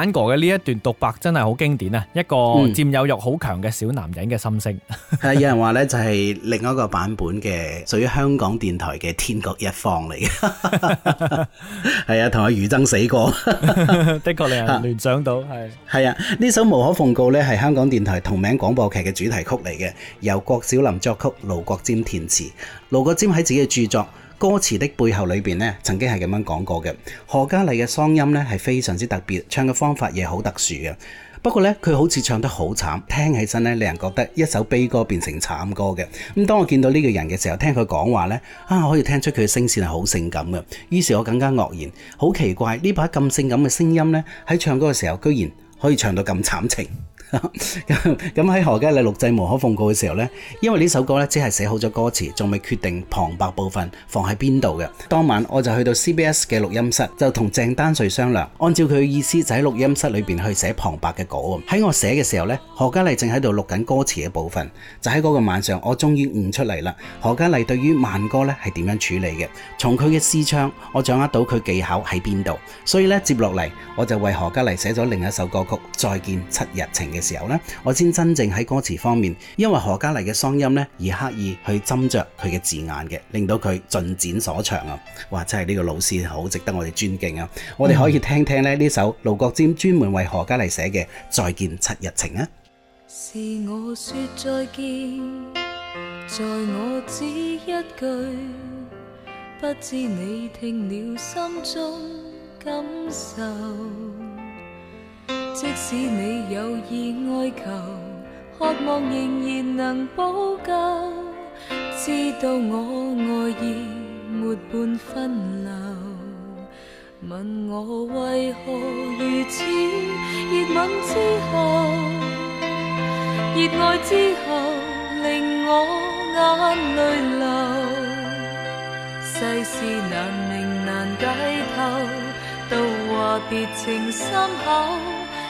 A: 丹哥嘅呢一段獨白真係好經典啊！一個佔有欲好強嘅小男人嘅心聲。
C: 係、嗯，有人話呢就係另外一個版本嘅屬於香港電台嘅《天各一方》嚟嘅。係 啊， 同阿余爭死過，
A: 的確令人
C: 聯想到係。係啊，呢首《無可奉告》呢係香港電台同名廣播劇嘅主題曲嚟嘅，由郭小霖作曲，盧國沾填詞，盧國沾喺自己嘅著作。歌詞的背後裏邊咧，曾經係咁樣講過嘅。何嘉麗嘅嗓音咧係非常之特別，唱嘅方法亦好特殊嘅。不過咧，佢好似唱得好慘，聽起身咧令人覺得一首悲歌變成慘歌嘅。咁當我見到呢個人嘅時候，聽佢講話咧，啊，可以聽出佢聲線係好性感嘅。於是，我更加愕然，好奇怪呢把咁性感嘅聲音咧，喺唱歌嘅時候居然可以唱到咁慘情。咁 喺何嘉麗錄製無可奉告嘅時候呢，因為呢首歌呢只係寫好咗歌詞，仲未決定旁白部分放喺邊度嘅。當晚我就去到 CBS 嘅錄音室，就同鄭丹瑞商量，按照佢嘅意思就喺錄音室裏邊去寫旁白嘅稿。喺我寫嘅時候呢，何嘉麗正喺度錄緊歌詞嘅部分。就喺嗰個晚上，我終於悟出嚟啦。何嘉麗對於慢歌呢係點樣處理嘅？從佢嘅私唱，我掌握到佢技巧喺邊度。所以呢，接落嚟，我就為何嘉麗寫咗另一首歌曲《再見七日情》嘅。時候咧，我先真正喺歌詞方面，因為何嘉麗嘅嗓音呢，而刻意去斟酌佢嘅字眼嘅，令到佢盡展所長啊！哇，真係呢個老師好值得我哋尊敬啊！我哋可以聽聽咧呢首盧國沾專門為何嘉麗寫嘅《再見七日情》啊！
B: 是我說再見，在我只一句，不知你聽了心中感受。即使你有意哀求，渴望仍然能補救，知道我愛意沒半分留。問我為何如此？熱吻之後，熱愛之後，令我眼淚流。世事難明難解透，都話別情深厚。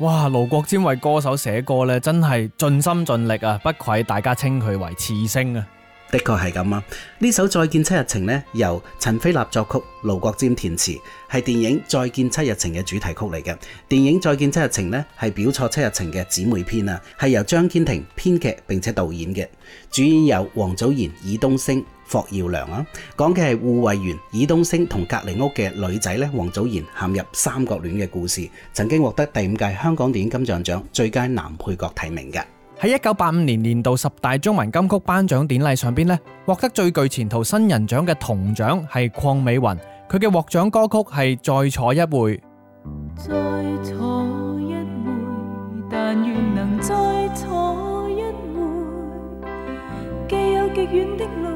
A: 哇！盧國沾為歌手寫歌咧，真係盡心盡力啊，
C: 不愧大家稱佢為詞聖啊！的確係咁啊！呢首《再見七日情》呢，由陳飛立作曲，盧國沾填詞，係電影《再見七日情》嘅主題曲嚟嘅。電影《再見七日情》呢，係《表錯七日情》嘅姊妹篇啊，係由張堅庭編劇並且導演嘅，主演有王祖賢、爾冬升。霍耀良啊，講嘅係護衛員爾冬升同隔籬屋嘅女仔呢黃祖賢陷入三角戀嘅故事，曾經獲得第五屆香港電影金像獎最佳男配角提名嘅。喺一九八五
A: 年年度十大中文金曲頒獎典禮上邊呢獲得最具前途新人獎嘅銅獎係鄺美雲，佢嘅獲獎歌曲係再坐一會。
B: 再坐一會，但願能再坐一會，既有極遠的路。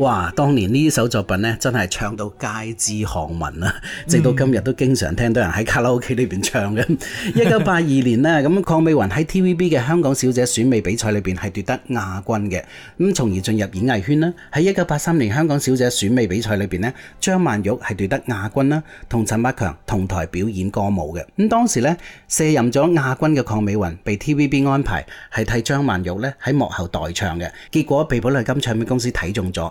C: 哇！當年呢首作品呢真係唱到街知巷聞啦，直到今日都經常聽到人喺卡拉 OK 裏邊唱嘅。一九八二年呢咁鄺美雲喺 TVB 嘅香港小姐選美比賽裏面係奪得亞軍嘅，咁從而進入演藝圈啦。喺一九八三年香港小姐選美比賽裏面呢，張曼玉係奪得亞軍啦，同陳百強同台表演歌舞嘅。咁當時呢卸任咗亞軍嘅鄺美雲被 TVB 安排係替張曼玉呢喺幕後代唱嘅，結果被寶麗金唱片公司睇中咗。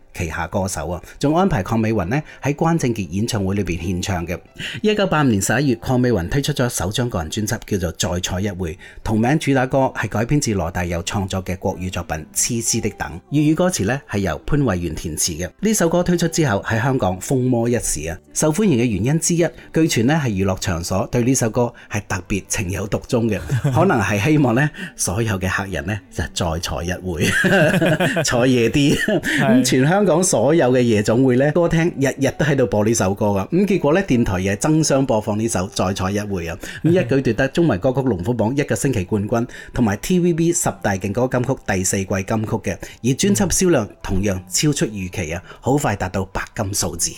C: 旗下歌手啊，仲安排鄺美雲咧喺關正傑演唱會裏邊獻唱嘅。一九八五年十一月，鄺美雲推出咗首張個人專輯，叫做《再坐一會》，同名主打歌係改編自羅大佑創作嘅國語作品《痴痴的等》，粵語歌詞咧係由潘偉源填詞嘅。呢首歌推出之後喺香港風魔一時啊，受歡迎嘅原因之一，據傳咧係娛樂場所對呢首歌係特別情有獨鍾嘅，可能係希望咧所有嘅客人咧就再坐一會， 坐夜啲咁全香。香港所有嘅夜總會咧、歌廳日日都喺度播呢首歌噶，咁結果咧電台又係爭相播放呢首《再坐一會》啊，咁一舉奪得中文歌曲龍虎榜一個星期冠軍，同埋 TVB 十大勁歌金曲第四季金曲嘅，而專輯銷量同樣超出預期啊，好快達到白金數字。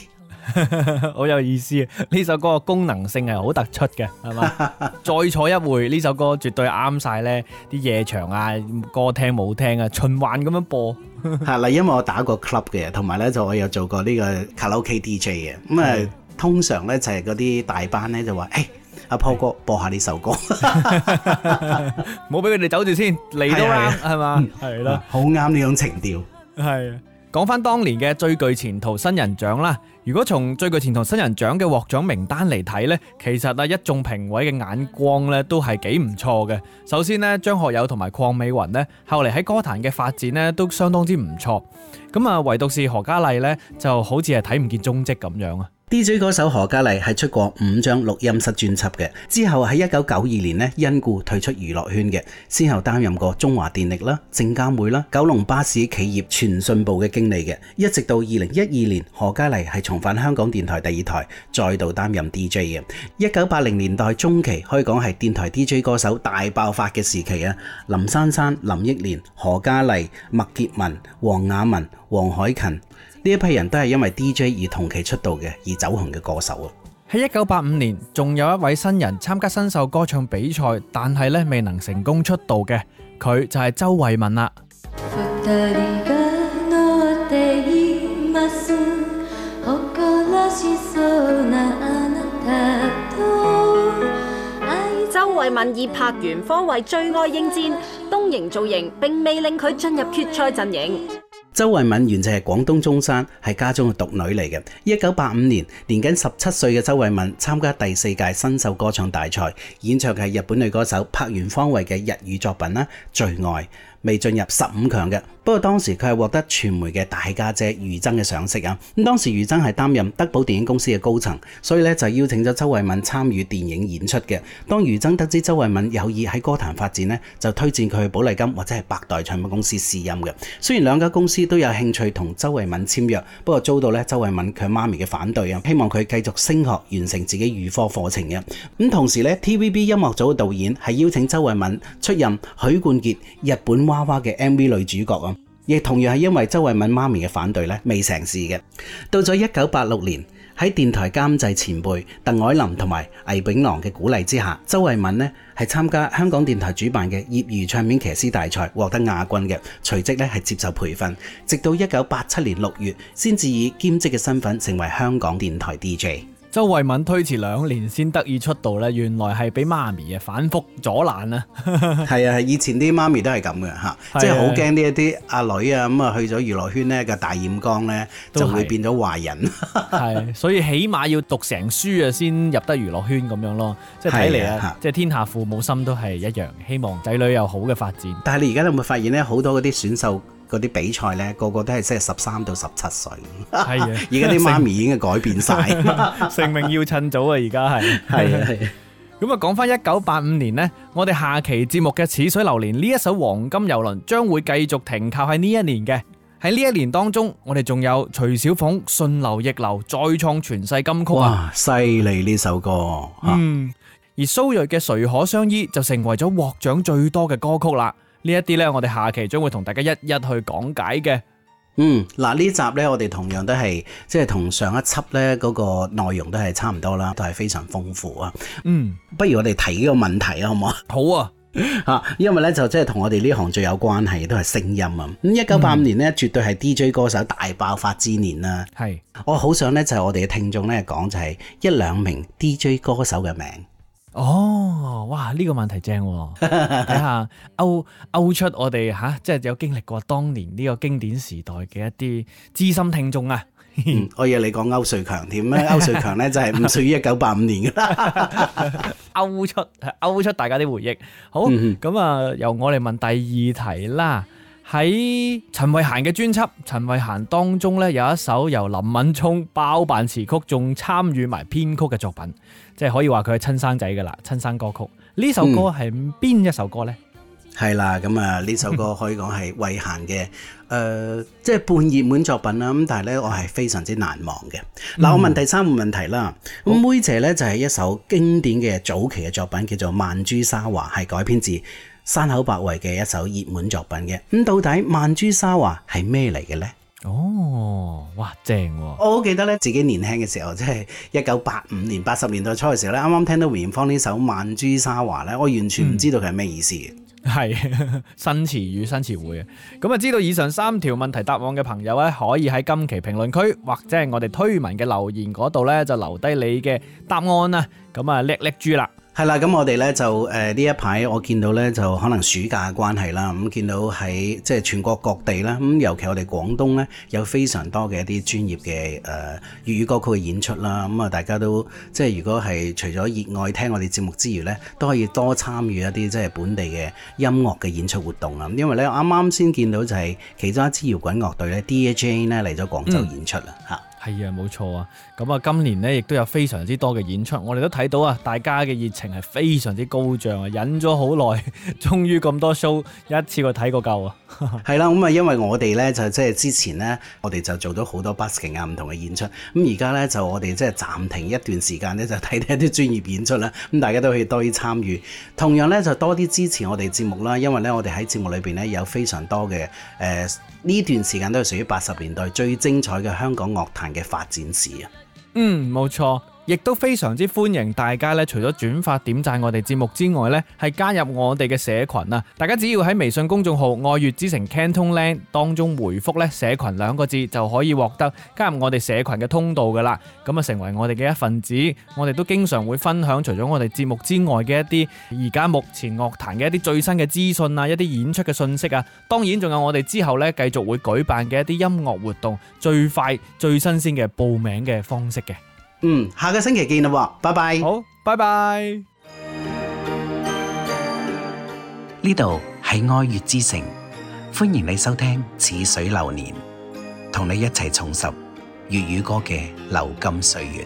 A: 好有意思啊！呢首歌嘅功能性
C: 係好突出嘅，
A: 係嘛？再坐一會呢首歌絕對啱晒咧，啲夜場
C: 啊、歌廳舞廳啊，循環咁樣播。係啦，因為我打過 club 嘅，同埋咧就我有做過呢個卡拉 OK DJ 嘅。咁啊，通常咧就係嗰啲大班咧就話：誒，阿波哥播下呢首歌，冇俾佢哋走住先，嚟到係嘛？係咯，好啱呢種情調。
A: 係啊，講翻當年嘅最具前途新人獎啦。如果從最具前途新人獎嘅獲獎名單嚟睇呢，其實啊一眾評委嘅眼光呢都係幾唔錯嘅。首先呢，張學友同埋鄺美雲呢，後嚟喺歌壇嘅發展呢都相當之唔錯。咁啊，唯獨是何嘉麗呢，就好似係睇唔見蹤跡咁樣啊。
C: DJ 歌手何嘉麗係出過五張錄音室專輯嘅，之後喺一九九二年因故退出娛樂圈嘅，先後擔任過中華電力啦、證監會啦、九龍巴士企業傳訊部嘅經理嘅，一直到二零一二年何嘉麗係重返香港電台第二台，再度擔任 DJ 嘅。一九八零年代中期可以講係電台 DJ 歌手大爆發嘅時期啊，林珊珊、林憶蓮、何嘉麗、麥潔文、黃雅文、黃海琴。呢一批人都係因為 DJ 而同期出道嘅而走紅嘅歌手啊！喺一九八五年，
A: 仲有一位新人參加新秀歌唱比賽，但係咧未能成功出道嘅，佢就係周慧敏啦
B: 周慧敏以柏原芳惠《最愛》應戰，東瀛造型並未令佢進入決賽陣營。
C: 周慧敏原籍係廣東中山，係家中嘅獨女嚟嘅。一九八五年，年僅十七歲嘅周慧敏參加第四屆新秀歌唱大賽，演唱的是日本女歌手柏原芳惠嘅日語作品啦，《最愛》。未進入十五強嘅，不過當時佢係獲得傳媒嘅大家姐余真嘅賞識啊！咁當時余真係擔任德寶電影公司嘅高層，所以咧就邀請咗周慧敏參與電影演出嘅。當余真得知周慧敏有意喺歌壇發展呢，就推薦佢去寶麗金或者係百代唱片公司試音嘅。雖然兩家公司都有興趣同周慧敏簽約，不過遭到咧周慧敏佢媽咪嘅反對啊，希望佢繼續升學完成自己預科課程嘅。咁同時咧，TVB 音樂組嘅導演係邀請周慧敏出任許冠傑日本娃娃嘅 M V 女主角啊，亦同樣係因為周慧敏媽咪嘅反對咧，未成事嘅。到咗一九八六年，喺電台監製前輩鄧愛琳同埋倪秉郎嘅鼓勵之下，周慧敏呢係參加香港電台主辦嘅業餘唱片騎師大賽，獲得亞軍嘅。隨即咧係接受培訓，直到一九八七年六月，先至以兼職嘅身份成為香港電台 D J。周慧敏推遲兩年先得以出道咧，原來係俾媽咪啊反覆阻攔啦。係 啊，以前啲媽咪都係咁嘅嚇，即係好驚呢一啲阿女啊咁啊去咗娛樂圈呢個大染缸呢，就會變咗壞人。
A: 係， 所以起碼要讀成書啊，先入得娛樂圈咁樣咯。
C: 即係睇嚟啊，
A: 即係天下父母心都係一樣，啊、希望仔女有好嘅發展。
C: 但係你而家有冇發現咧，好多嗰啲選秀？嗰啲比賽呢，個個都係即係十三到十七歲。
A: 係啊，而家啲媽咪
C: 已經改變晒，
A: 成 名要趁早啊！而家係啊，咁啊，講翻一九八五年呢，我哋下期節目嘅《似水流年》呢一首《黃金郵輪》將會繼續停靠喺呢一年嘅喺呢一年當中，我哋仲有徐小鳳《順流逆流》再創傳世金曲啊！哇，
C: 犀利呢首歌，嗯，
A: 啊、而蘇芮嘅《誰可相依》就成為咗獲獎最多嘅歌曲啦。呢一啲呢，我哋下期將會同大家一一去講解嘅。
C: 嗯，嗱呢集呢，我哋同樣都係即係同上一輯呢嗰個內容都係差唔多啦，都係非常豐富啊。嗯，不如我哋提呢個問題啊，好唔好？好啊，嚇！因為呢，就即係同我哋呢行最有關係都係聲音啊。咁一九八五年呢，絕對係 DJ 歌手大爆發之年啦。係、嗯，我好想呢，就係我哋嘅聽眾呢，講就係一兩名 DJ 歌手嘅名。
A: 哦，哇！呢、這個問題正喎，哦，睇下 勾歐出我哋嚇，啊，即係有經歷過當年呢個經典時代嘅一啲資深聽眾啊。嗯、
C: 我以為你講歐瑞強添啦，歐瑞強咧就係唔屬於一九八五年嘅。 啦。
A: 勾出勾出大家啲回憶。好，咁啊，嗯哼嗯哼嗯哼由我嚟問第二題啦。喺陳慧嫻嘅專輯《陳慧嫻》當中咧，有一首由林敏驄包辦詞曲，仲參與埋編曲嘅作品。即係可以話
C: 佢係親生仔噶啦，親生歌曲，呢首歌係邊一首歌呢？係、嗯、啦，咁啊呢首歌可以講係慧嫻嘅，誒、 呃、即係半熱門作品啦。咁但係呢，我係非常之難忘嘅。嗱、嗯、我問第三個問題啦。咁梅姐呢，就係一首經典嘅早期嘅作品，叫做《曼珠沙華》，係改編自山口百惠嘅一首熱門作品嘅。咁到底《曼珠沙華》係咩嚟嘅呢？哦，哇，正喎、哦！我好記得咧，自己年輕嘅時候，即係一九八五年八十年代初嘅時候咧，啱啱聽到梅艷芳呢首《蔓珠沙華》咧，我完全唔知道佢係咩意思
A: 嘅。係新詞語、新詞彙嘅。咁啊，知道以上三條問題答案嘅朋友咧，可以喺今期評論區或者係我哋推文嘅留言嗰度咧，就留低你嘅答案啊！咁啊，叻叻豬啦～
C: 係啦，咁我哋咧就誒呢一排，呃、我見到咧就可能暑假嘅關係啦，咁、嗯、見到喺即係全國各地啦，咁、嗯、尤其我哋廣東咧有非常多嘅一啲專業嘅誒粵語歌曲嘅演出啦，咁、嗯、啊，大家都即係如果係除咗熱愛聽我哋節目之餘咧，都可以多參與一啲即係本地嘅音樂嘅演出活動啦。因為咧啱啱先見到就係其中一支搖滾樂隊咧，D H A 咧嚟咗廣州演出啦嚇。
A: 係啊，冇錯啊！咁啊，今年呢，亦都有非常之多嘅演出，我哋都睇到啊，大家嘅熱情係非常之高漲啊！忍咗好耐，終於咁多 show 一
C: 次過睇個夠啊！係啦，咁啊，因為我哋呢，就即係之前呢，我哋就做咗好多 busking 啊，唔同嘅演出。咁而家呢，就我哋即係暫停一段時間呢，就睇睇啲專業演出啦。咁大家都可以多啲參與，同樣呢，就多啲支持我哋節目啦。因為呢，我哋喺節目裏邊呢，有非常多嘅誒。呃呢段時間都係屬於八十年代最精彩嘅香港樂壇嘅發展史。
A: 嗯，冇錯。亦都非常之歡迎大家咧，除咗轉發、點贊我哋節目之外咧，係加入我哋嘅社群啊！大家只要喺微信公眾號《愛粵之城 CantonLand》當中回覆咧社群兩個字，就可以獲得加入我哋社群嘅通道噶啦。咁啊，成為我哋嘅一份子。我哋都經常會分享，除咗我哋節目之外嘅一啲而家目前樂壇嘅一啲最新嘅資訊啊，一啲演出嘅信息啊。當然，仲有我哋之後咧繼續會舉辦嘅一啲音樂活動最快最新鮮嘅報名嘅方式嘅。
C: 嗯，下個星期見啦，拜拜。好，拜拜。呢度係愛粵之城，歡迎你收聽《似水流年》，同你一齊重拾粵語歌嘅流金歲月。